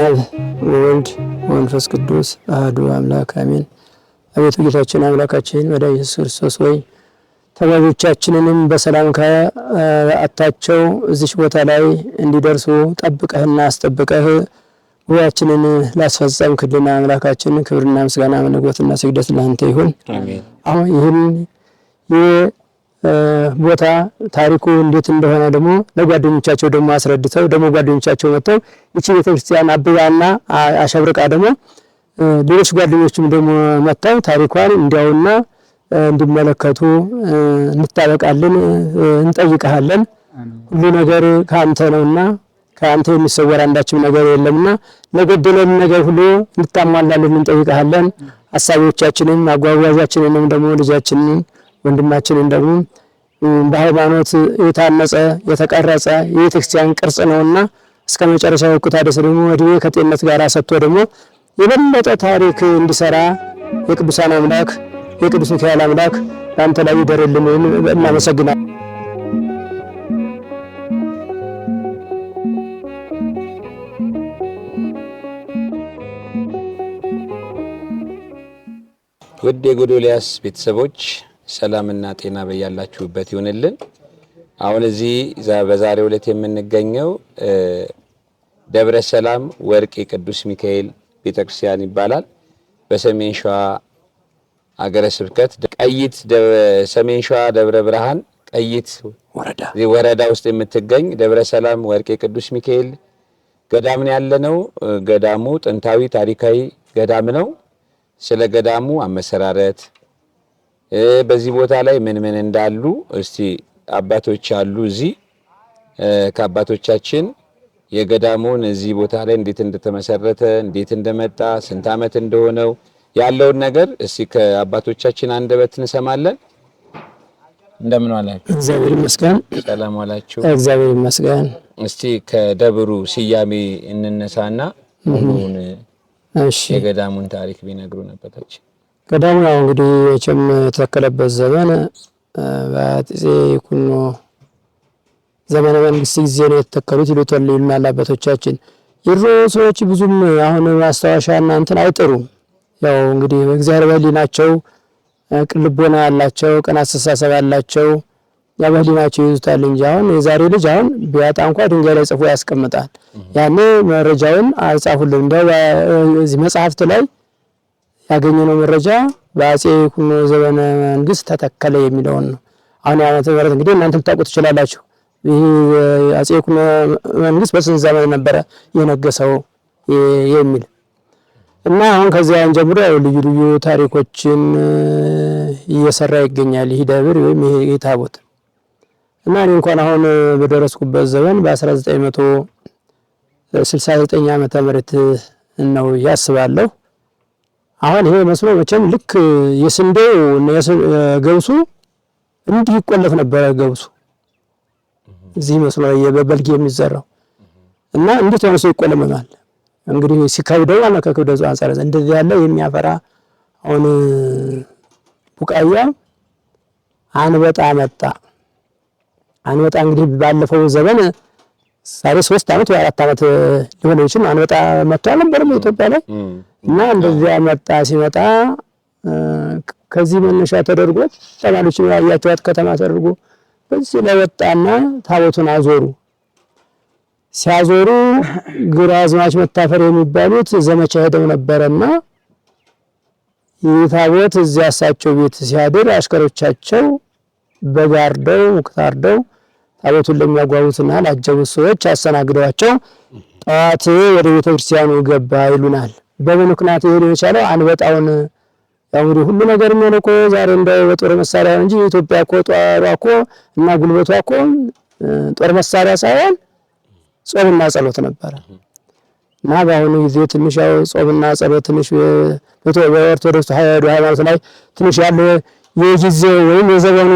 በአብ ወወልድ ወመንፈስ ቅዱስ አህዱ አምላክ አሜን። አቤቱ ጌታችን አምላካችን መድኃኒታችን ኢየሱስ ክርስቶስ ወይ ተጓዦቻችንንም በሰላም ከአታቸው እዚች ቦታ ላይ እንዲደርሱ ጠብቀህና አስጠብቀህ ላስፈጸም ክልና አምላካችን ክብርና ምስጋና መለኮትና ስግደት ለአንተ ይሁን። አሁን ይህን ቦታ ታሪኩ እንዴት እንደሆነ ደግሞ ለጓደኞቻቸው ደግሞ አስረድተው ደግሞ ጓደኞቻቸው መጥተው እቺ ቤተክርስቲያን አብባና አሸብርቃ ደግሞ ሌሎች ጓደኞችም ደግሞ መጥተው ታሪኳን እንዲያውና እንዲመለከቱ እንታበቃለን፣ እንጠይቀሃለን፣ ሁሉ ነገር ከአንተ ነውና ከአንተ የሚሰወር አንዳችም ነገር የለምና ለጎደለን ነገር ሁሉ እንታሟላለን፣ እንጠይቀሃለን። ሀሳቦቻችንም አጓጓዣችንንም ደግሞ ልጃችንን ወንድማችንን ደግሞ በሃይማኖት የታነጸ የተቀረጸ የቤተክርስቲያን ቅርጽ ነውና እስከ መጨረሻው እኩታ ደግሞ እድሜ ከጤነት ጋር ሰጥቶ ደግሞ የበለጠ ታሪክ እንዲሰራ የቅዱሳን አምላክ የቅዱስ ሚካኤል አምላክ በአንተ ላይ ይደርልን። እናመሰግናለን። ውድ የጎዶልያስ ቤተሰቦች ሰላምና ጤና በያላችሁበት ይሁንልን። አሁን እዚህ በዛሬ ዕለት የምንገኘው ደብረ ሰላም ወርቅ ቅዱስ ሚካኤል ቤተክርስቲያን ይባላል። በሰሜን ሸዋ አገረ ስብከት ቀይት ሰሜን ሸዋ ደብረ ብርሃን ቀይት ወረዳ ውስጥ የምትገኝ ደብረ ሰላም ወርቅ ቅዱስ ሚካኤል ገዳምን ነው። ገዳሙ ጥንታዊ ታሪካዊ ገዳም ነው። ስለ ገዳሙ አመሰራረት በዚህ ቦታ ላይ ምን ምን እንዳሉ እስቲ አባቶች አሉ እዚህ ከአባቶቻችን የገዳሙን እዚህ ቦታ ላይ እንዴት እንደተመሰረተ እንዴት እንደመጣ ስንት ዓመት እንደሆነው ያለውን ነገር እስቲ ከአባቶቻችን አንደበት እንሰማለን። እንደምን ዋላችሁ? እግዚአብሔር ይመስገን። ሰላም አላችሁ? እግዚአብሔር ይመስገን። እስቲ ከደብሩ ስያሜ እንነሳና እሺ፣ የገዳሙን ታሪክ ቢነግሩ ነበታችን ቀዳሙ ያው እንግዲህ መቼም የተተከለበት ዘመን በአፄ ይኩኖ ዘመነ መንግስት ጊዜ ነው የተተከሉት ይሉታል ይሉናል አባቶቻችን። የድሮ ሰዎች ብዙም አሁን ማስታወሻ እናንትን አይጥሩም። ያው እንግዲህ በእግዚአብሔር በህሊናቸው ቅልቦና ያላቸው ቀና አስተሳሰብ ያላቸው ያ በህሊናቸው ይዙታል እንጂ አሁን የዛሬ ልጅ አሁን ቢያጣ እንኳ ድንጋይ ላይ ጽፎ ያስቀምጣል። ያኔ መረጃውን አልጻፉልን። እንዲያው እዚህ መጽሐፍት ላይ ያገኘነው መረጃ በአጼ ይኩኖ ዘመነ መንግስት ተተከለ የሚለውን ነው። አሁን የዓመተ ምህረት እንግዲህ እናንተ ልታውቁ ትችላላችሁ። ይህ አጼ ይኩኖ መንግስት በስንት ዘመን ነበረ የነገሰው የሚል እና አሁን ከዚያን ጀምሮ ልዩ ልዩ ታሪኮችን እየሰራ ይገኛል። ይህ ደብር ወይም ታቦት እና እኔ እንኳን አሁን በደረስኩበት ዘመን በ1969 ዓመተ ምህረት ነው ያስባለሁ አሁን ይሄ መስኖ መቼም ልክ የስንዴው ገብሱ እንዲህ ይቆለፍ ነበረ። ገብሱ እዚህ መስኖ በበልግ የሚዘራው እና እንዴት ሆኖ ሰው ይቆለመማል? እንግዲህ ሲከብደው አለ ከክብደቱ አንጻር እንደዚህ ያለ የሚያፈራ አሁን ቡቃያ አንበጣ መጣ። አንበጣ እንግዲህ ባለፈው ዘመን ዛሬ ሶስት ዓመት ወይ አራት ዓመት ሊሆን ይችላል አንበጣ መጥቷል ነበር ኢትዮጵያ ላይ እና እንደዚያ መጣ ሲመጣ ከዚህ መነሻ ተደርጎ ተማሪዎችን ያያቸዋት ከተማ ተደርጎ በዚህ ላይ ወጣና ታቦቱን አዞሩ። ሲያዞሩ ግራ አዝማች መታፈር የሚባሉት ዘመቻ ሄደው ነበረና ይህ ታቦት እዚያ እሳቸው ቤት ሲያድር አሽከሮቻቸው በጋርደው ታርደው ታቦቱን ለሚያጓጉትና ላጀቡት ሰዎች አስተናግደዋቸው ጠዋት ወደ ቤተክርስቲያኑ ክርስቲያኑ ገባ ይሉናል። በምን ምክንያት ይሄድ የቻለው አንበጣውን ያው እንግዲህ ሁሉ ነገር የሚሆነው እኮ ዛሬ እንደው በጦር መሳሪያ እንጂ ኢትዮጵያ እኮ ጧሯ እኮ እና ጉልበቷ እኮ ጦር መሳሪያ ሳይሆን ጾምና ጸሎት ነበረ። እና በአሁኑ ጊዜ ትንሽ ያው ጾምና ጸሎት ትንሽ በኦርቶዶክስ ተዋሕዶ ሃይማኖት ላይ ትንሽ ያለ የጊዜ ወይም የዘመኑ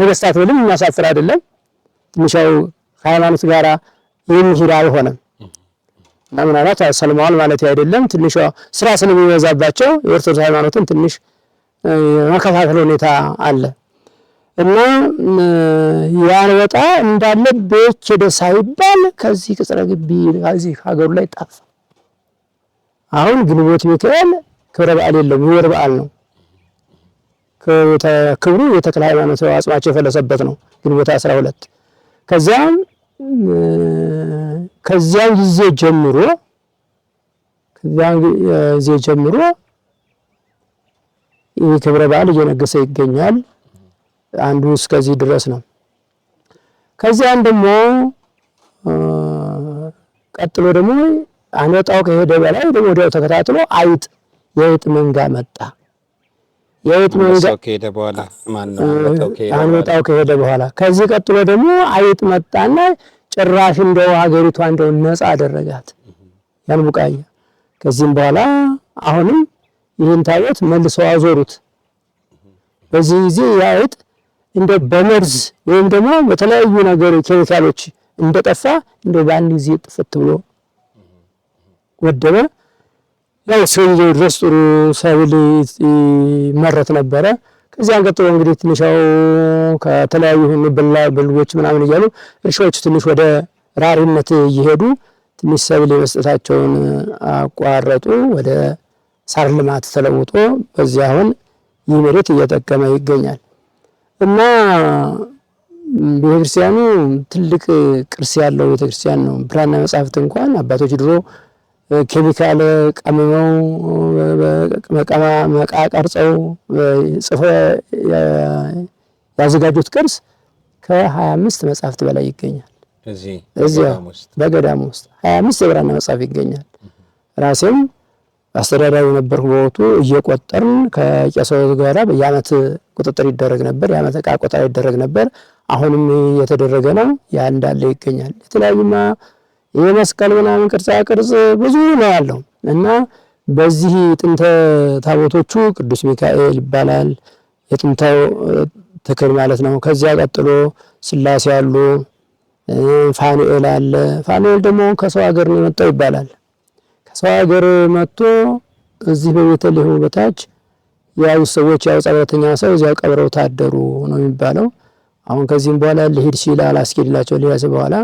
ነገስታት ብልም የሚያሳፍር አይደለም። ትንሽ ያው ከሃይማኖት ጋራ የሚሄድ አልሆነም። እና ምናልባት ሰልመዋል ማለት አይደለም። ትንሽ ስራ ስለሚበዛባቸው የኦርቶዶክስ ሃይማኖትን ትንሽ መከፋፈል ሁኔታ አለ እና ያንበጣ እንዳለ ቤች ሄደ ሳይባል ከዚህ ቅጽረ ግቢ ከዚህ ሀገሩ ላይ ጠፋ። አሁን ግንቦት ሚካኤል ክብረ በዓል የለውም፣ የወር በዓል ነው። ክብሩ የተክለ ሃይማኖት አጽማቸው የፈለሰበት ነው ግንቦት 12 ሁለት ከዚያም ከዚያን ጊዜ ጀምሮ ከዚያን ጊዜ ጀምሮ ይህ ክብረ በዓል እየነገሰ ይገኛል። አንዱ እስከዚህ ድረስ ነው። ከዚያን ደግሞ ቀጥሎ ደግሞ አነጣው ከሄደ በላይ ወዲያው ተከታትሎ አይጥ የአይጥ መንጋ መጣ። የወት መንጋ ከሄደ በኋላ አንበጣው ከሄደ በኋላ ከዚህ ቀጥሎ ደግሞ አይት መጣና ጭራሽ እንደው ሀገሪቷ እንደው ነጻ አደረጋት ያን ቡቃያ። ከዚህም በኋላ አሁንም ይህን ታዩት መልሰው አዞሩት። በዚህ ጊዜ ያ እንደ በመርዝ ወይም ደግሞ በተለያዩ ነገር ኬሚካሎች እንደጠፋ እንደ በአንድ ጊዜ ጥፍት ብሎ ወደበ። ያው እስከጊዜው ድረስ ጥሩ ሰብል ይመረት ነበረ። ከዚያን ቀጥሎ እንግዲህ ትንሻው ከተለያዩ ብላ ብልቦች ምናምን እያሉ እርሻዎቹ ትንሽ ወደ ራሪነት እየሄዱ ትንሽ ሰብል የመስጠታቸውን አቋረጡ። ወደ ሳር ልማት ተለውጦ በዚህ አሁን ይህ መሬት እየጠቀመ ይገኛል እና ቤተክርስቲያኑ ትልቅ ቅርስ ያለው ቤተክርስቲያን ነው። ብራና መጻሕፍት እንኳን አባቶች ድሮ ኬሚካል ቀምመው መቃ ቀርጸው ጽፎ ያዘጋጁት ቅርስ ከ25 መጽሐፍት በላይ ይገኛል። እዚያ በገዳም ውስጥ 25 የብራና መጽሐፍ ይገኛል። ራሴም አስተዳዳሪ ነበርኩ በወቅቱ። እየቆጠርን ከቄሶች ጋራ የዓመት ቁጥጥር ይደረግ ነበር፣ የዓመት ዕቃ ቆጠራ ይደረግ ነበር። አሁንም እየተደረገ ነው። ያ እንዳለ ይገኛል የተለያዩማ የመስቀል ምናምን ቅርጻ ቅርጽ ብዙ ነው ያለው እና በዚህ ጥንተ ታቦቶቹ ቅዱስ ሚካኤል ይባላል የጥንተ ትክል ማለት ነው። ከዚያ ቀጥሎ ስላሴ አሉ፣ ፋኑኤል አለ። ፋኑኤል ደግሞ ከሰው ሀገር ነው የመጣው ይባላል። ከሰው ሀገር መጥቶ እዚህ በቤተልሔሙ በታች ያው ሰዎች ያው ጸበተኛ ሰው እዚያው ቀብረው ታደሩ ነው የሚባለው። አሁን ከዚህም በኋላ ልሂድ ሲል አላስኬድላቸው ሊያስ በኋላ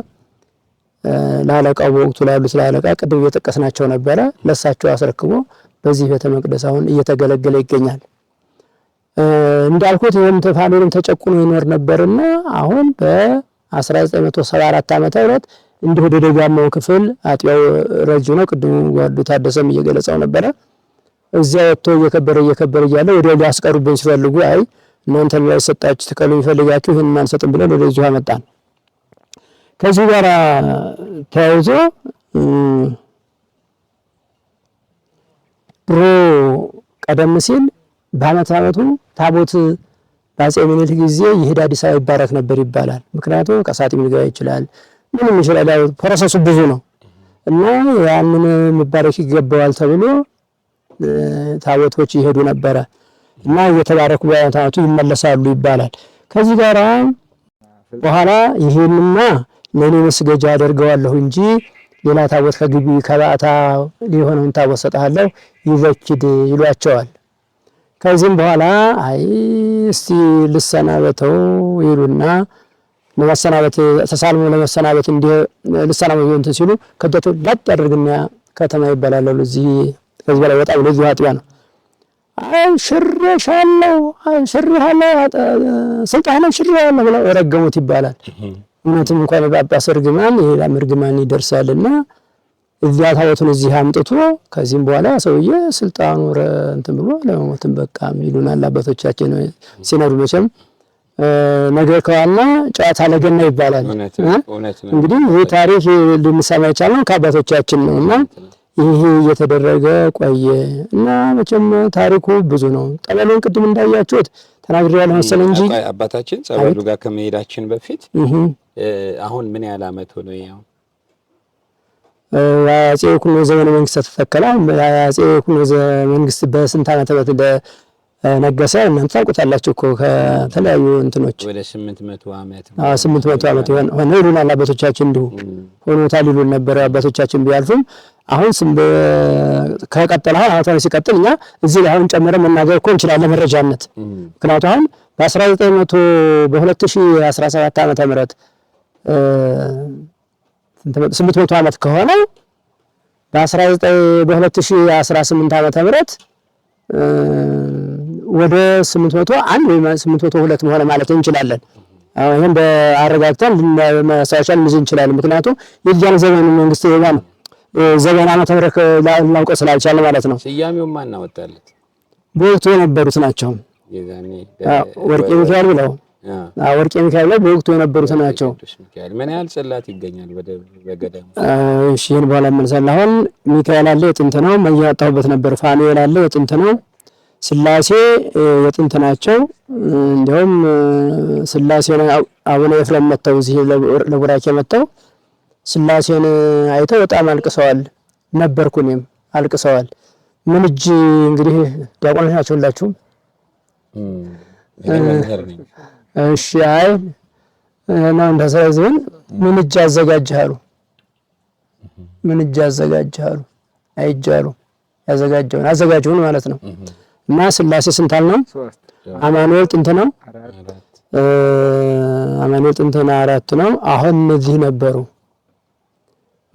ለአለቃው በወቅቱ ላሉ ስለ አለቃ ቅድም እየጠቀስናቸው ነበረ። ለሳቸው አስረክቦ በዚህ ቤተ መቅደስ አሁን እየተገለገለ ይገኛል። እንዳልኩት ይህም ፋኖንም ተጨቁኖ ይኖር ነበርና አሁን በ1974 ዓመተ ምህረት እንዲሁ ወደ ደጋማው ክፍል አጥቢያው ረጅ ነው። ቅድም ጓዱ ታደሰም እየገለጸው ነበረ። እዚያ ወጥቶ እየከበረ እየከበረ እያለ ወደ ሊያስቀሩብን ሲፈልጉ አይ እናንተ ላይ ሰጣችሁ ትከሉ ይፈልጋችሁ ይህን ማንሰጥም ብለን ወደዚሁ አመጣን። ከዚህ ጋር ተያይዞ ድሮ ቀደም ሲል በዓመት ዓመቱ ታቦት በአፄ ምኒልክ ጊዜ ይሄድ አዲስ አበባ ይባረክ ነበር ይባላል። ምክንያቱም ቀሳጢም ሊገባ ይችላል፣ ምንም ይችላል። ያው ፕሮሰሱ ብዙ ነው እና ያንን መባረክ ይገባዋል ተብሎ ታቦቶች ይሄዱ ነበረ እና እየተባረኩ በዓመት ዓመቱ ይመለሳሉ ይባላል። ከዚህ ጋር በኋላ ይሄንና ለእኔ መስገጃ አደርገዋለሁ እንጂ ሌላ ታቦት ከግቢ ከበዓታ የሆነውን ታቦት ሰጥሃለሁ ይዘኪድ ይሏቸዋል። ከዚህም በኋላ አይ እስቲ ልሰናበተው ይሉና ለመሰናበት ተሳልሞ ለመሰናበት እንዲህ ልሰናበት እንትን ሲሉ ከብቶቹ ላጥ ያደርግና ከተማ ይበላላሉ። እዚህ ከዚህ በላይ ወጣ ብሎ እዚሁ አጥቢያ ነው። አይ ሽሬሻለሁ፣ ሽሬሃለሁ፣ ስልጣንም ሽሬሃለሁ ብለው የረገሙት ይባላል። እውነትም እንኳን በጳጳስ እርግማን የሌላም እርግማን ይደርሳልና እዚያ ታቦቱን እዚህ አምጥቶ ከዚህም በኋላ ሰውዬ ስልጣኑ እንትን ብሎ ለመሞትም በቃ ይሉናል አባቶቻችን። ሲኖሩ መቼም ነገ ከዋና ጨዋታ ለገና ይባላል። እንግዲህ ይህ ታሪክ ልንሰማ የቻልነው ከአባቶቻችን ነው እና ይህ እየተደረገ ቆየ እና መቼም ታሪኩ ብዙ ነው። ጠበሉን ቅድም እንዳያችሁት ተናግሬ ያለ መሰለ እንጂ አባታችን ጸበሉ ጋር ከመሄዳችን በፊት አሁን ምን ያህል አመት ሆኖ? ያው አጼ ኩኖ ዘመነ መንግስት ተተከለ። አጼ ኩኖ መንግስት በስንት ዓመተ ምህረት ነገሰ? እናንተ ታውቁታላችሁ እኮ ከተለያዩ እንትኖች ወደ 800 ዓመት አዎ 800 ዓመት ይሆን ሆነ ይሉናል አባቶቻችን። እንዲሁ ሆኖታል ይሉን ነበር አባቶቻችን ቢያልፉም አሁን ስም ከቀጠለ አሁን አሁን ሲቀጥል እኛ እዚህ ላይ አሁን ጨምረን መናገር እኮ እንችላለን መረጃነት። ምክንያቱም አሁን በ1900 በ2017 ዓመተ ምህረት ስምንት መቶ ዓመት ከሆነ በ19 በ2018 ዓመተ ምህረት ወደ 801 ወይም 802 መሆነ ማለት እንችላለን። ይህም በአረጋግጠን ማስታወሻ ልንይዝ እንችላለን። ምክንያቱም የዚያን ዘመን መንግስት የዛን ዘመን ዓመተ ምህረት ልናውቀው ስላልቻለ ማለት ነው። ስያሜውን ማን አወጣለት? በወቅቱ የነበሩት ናቸው። ወርቄ ሚካኤል ብለው ወርቄ ሚካኤል ላይ በወቅቱ የነበሩት ናቸው። ምን ያህል ጽላት ይገኛል በገዳሙ? እሺ ይህን በኋላ መልሳል። አሁን ሚካኤል አለ የጥንት ነው፣ መያጣሁበት ነበር። ፋኑኤል አለ የጥንት ነው። ስላሴ የጥንት ናቸው። እንዲሁም ስላሴን አቡነ ኤፍሬም መጥተው እዚህ ለቡራኬ መጥተው ስላሴን አይተው በጣም አልቅሰዋል። ነበርኩ እኔም አልቅሰዋል። ምን እጅ እንግዲህ ዲያቆኖች ናቸው ሁላችሁም እሺ አይ እና እንደ ዝም ምን እጅ አዘጋጅሃሉ ምን እጅ አዘጋጅሃሉ አይጃሉ ያዘጋጀውን አዘጋጀውን ማለት ነው። እና ስላሴ ስንታል ነው? አማኑኤል ጥንት ነው። አማኑኤል ጥንት ነው አራት ነው። አሁን እነዚህ ነበሩ።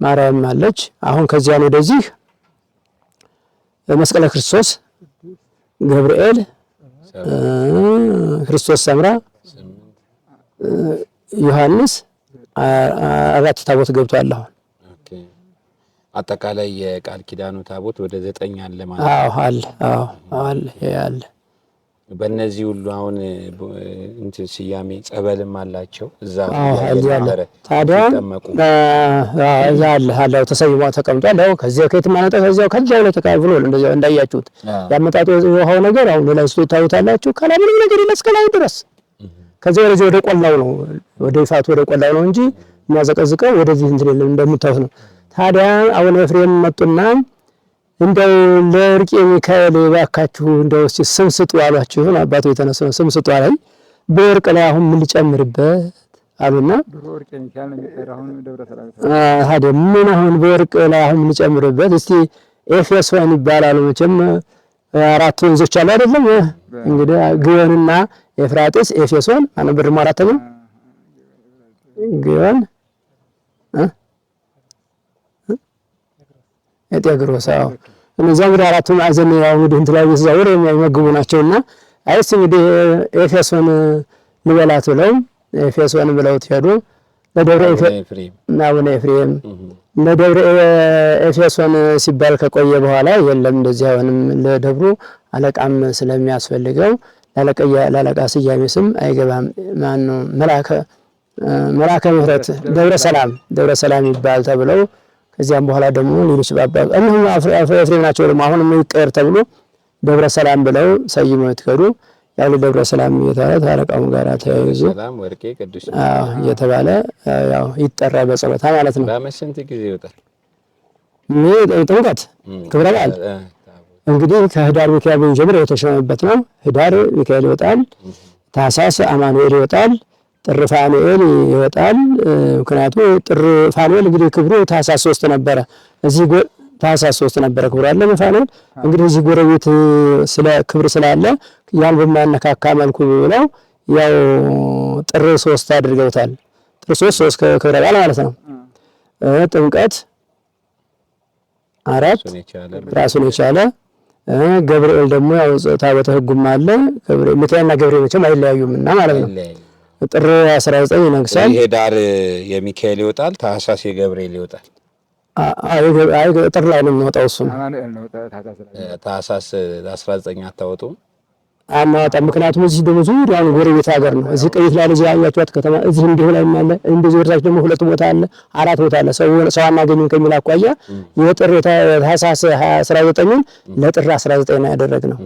ማርያም አለች። አሁን ከዚያን ወደዚህ መስቀለ ክርስቶስ፣ ገብርኤል፣ ክርስቶስ ሰምራ ዮሐንስ አራት ታቦት ገብቷል። አሁን አጠቃላይ የቃል ኪዳኑ ታቦት ወደ ዘጠኝ አለ ማለት ነው። አዎ አለ። አዎ አለ። ይሄ አለ። በእነዚህ ሁሉ አሁን እንትን ስያሜ ጸበልም አላቸው እዛ ታዲያ እዛ አለ አለው ተሰይሞ ተቀምጧል። ያው ከዚያ ከየት ማነጠ ከዚያው ከዚያው ላይ ተቀብሎ እንደዚያው እንዳያችሁት ያመጣጡ ውሃው ነገር አሁን ሌላ ስቶ ታዩታላችሁ። ከላይ ምንም ነገር የለስከላይ ድረስ ከዚያ ወደዚህ ወደ ቆላው ነው ወደ ይፋቱ ወደ ቆላው ነው እንጂ የሚያዘቀዝቀው ወደዚህ እንትን የለም እንደምታዩት ነው። ታዲያ አቡነ ኤፍሬም መጡና እንደው ለእርቄ ሚካኤል ባካችሁ እንደው እስቲ ስም ስጡ አሏችሁ። አባቱ የተነሱ ነው ስም ስጡ አለኝ። በእርቅ ላይ አሁን ምን ልጨምርበት አሉና ታዲያ ምን አሁን በእርቅ ላይ አሁን ምን ልጨምርበት እስቲ ኤፌሶን ይባላል መቼም አራት ወንዞች አሉ አይደለም እንግዲህ ግዮንና ኤፍራጥስ፣ ኤፌሶን አንብር ማራተም ግዮን የጤግሮስ አዎ እነዚያ እንግዲህ አራቱ ማዕዘን ያው እንግዲህ እንትን ላይ ሲዛወር የሚመግቡ ናቸውና አይስ እንግዲህ ኤፌሶን ልበላት ብለው ኤፌሶን ብለው ሄዱ። ለደብረ ኤፍሬም አቡነ ኤፍሬም ለደብረ ኤፌሶን ሲባል ከቆየ በኋላ የለም እንደዚህ አሁንም ለደብሩ አለቃም ስለሚያስፈልገው ላለቃ ስያሜ ስም አይገባም። ማን መላከ መላከ ምህረት ደብረ ሰላም ደብረ ሰላም ይባል ተብለው ከዚያም በኋላ ደግሞ ሌሎች ባባ እኒሁም ኤፍሬም ናቸው። ደግሞ አሁን ይቀር ተብሎ ደብረ ሰላም ብለው ሰይመው የትከዱ ያሉ ደብረ ሰላም እየተባለ ታረቃሙ ጋር ተያይዞ እየተባለ ያው ይጠራ በጸሎታ ማለት ነው። ጥምቀት ክብረ በዓል እንግዲህ ከህዳር ሚካኤል ብንጀምር የተሾመበት ነው። ህዳር ሚካኤል ይወጣል፣ ታሳስ አማኑኤል ይወጣል፣ ጥር ፋኑኤል ይወጣል። ምክንያቱም ጥር ፋኑኤል እንግዲህ ክብሩ ታሳስ ሶስት ነበረ እዚህ ታህሳስ ሶስት ነበረ ክብሩ አለ መፋነል እንግዲህ እዚህ ጎረቤት ስለ ክብር ስላለ ያን በማነካካ መልኩ ብለው ያው ጥር ሶስት አድርገውታል። ጥር ሶስት ሶስት ክብረ በዓል ማለት ነው። ጥምቀት አራት ራሱን የቻለ ገብርኤል ደግሞ ያው ታቦተ ሕጉም አለ። ሚካኤልና ገብርኤል መቼም አይለያዩም እና ማለት ነው። ጥር 19 ይነግሳል። ይሄ ዳር የሚካኤል ይወጣል፣ ታህሳስ የገብርኤል ይወጣል። ጥር ላይ ነው የሚወጣው እሱ ነው። ታህሳስ 19 አታወጡም? አናወጣም። ምክንያቱም እዚህ ደግሞ ዙሪያውን ጎረቤት ሀገር ነው። እዚህ ቀይት ላይ ለዚህ ያያችኋት ከተማ እዚህ እንዲሁ ላይ አለ፣ እንደዚህ ወርዛች ደግሞ ሁለት ቦታ አለ፣ አራት ቦታ አለ። ሰው ሰው አናገኝም ከሚል አኳያ የጥር ታህሳስ 19ን ለጥር 19 ነው ያደረግነው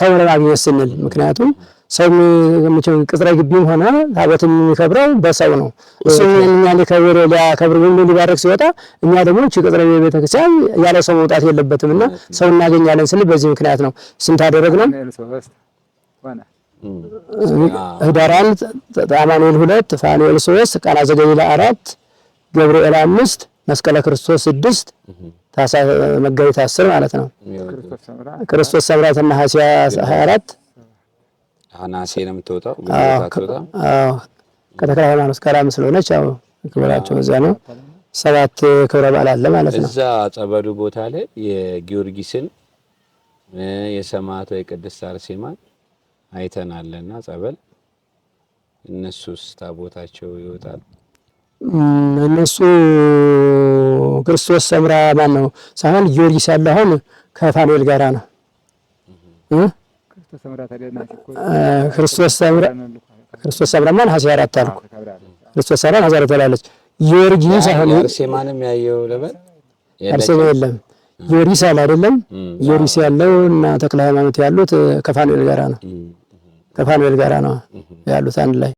ሰው ለማግኘት ስንል ምክንያቱም ሰው ቅጽረ ግቢም ሆነ ታቦትም የሚከብረው በሰው ነው። እሱም እኛ ሊከብር ሊያከብር ወይም ሊባረክ ሲወጣ እኛ ደግሞ እቺ ቅጽረ ቤተክርስቲያን ያለ ሰው መውጣት የለበትም እና ሰው እናገኛለን ስል በዚህ ምክንያት ነው። ስንት አደረግነው? ህዳር አንድ አማኑኤል ሁለት ፋኑኤል ሶስት ቃና ዘገሊላ አራት ገብርኤል አምስት መስቀለ ክርስቶስ ስድስት መጋቢት አስር ማለት ነው። ክርስቶስ ሰምራ ተናሐሴ 24 ነሐሴ ነው የምትወጣው። ከተክለ ሃይማኖት ገዳም ስለሆነች ያው ክብራቸው እዛ ነው። ሰባት ክብረ በዓል አለ ማለት ነው። እዛ ጸበሉ ቦታ ላይ የጊዮርጊስን የሰማዕቷ የቅድስት አርሴማን አይተናልና ጸበል እነሱስ ታቦታቸው ይወጣል። እነሱ ክርስቶስ ሰምራ ማን ነው ሳይሆን ጊዮርጊስ ያለ አሁን ከፋኑኤል ጋራ ነው ክርስቶስ ሰምራ ክርስቶስ ሰምራማን ሀያ አራት አልኩ። ክርስቶስ ሰምራ ሀያ አራት አላለች። ጊዮርጊስ አሁን አርሴማንም ያየው ለበል አርሴማ የለም ዮሪስ አለ አይደለም። ዮሪስ ያለው እና ተክለ ሃይማኖት ያሉት ከፋኑኤል ጋራ ነው። ከፋኑኤል ጋራ ነው ያሉት አንድ ላይ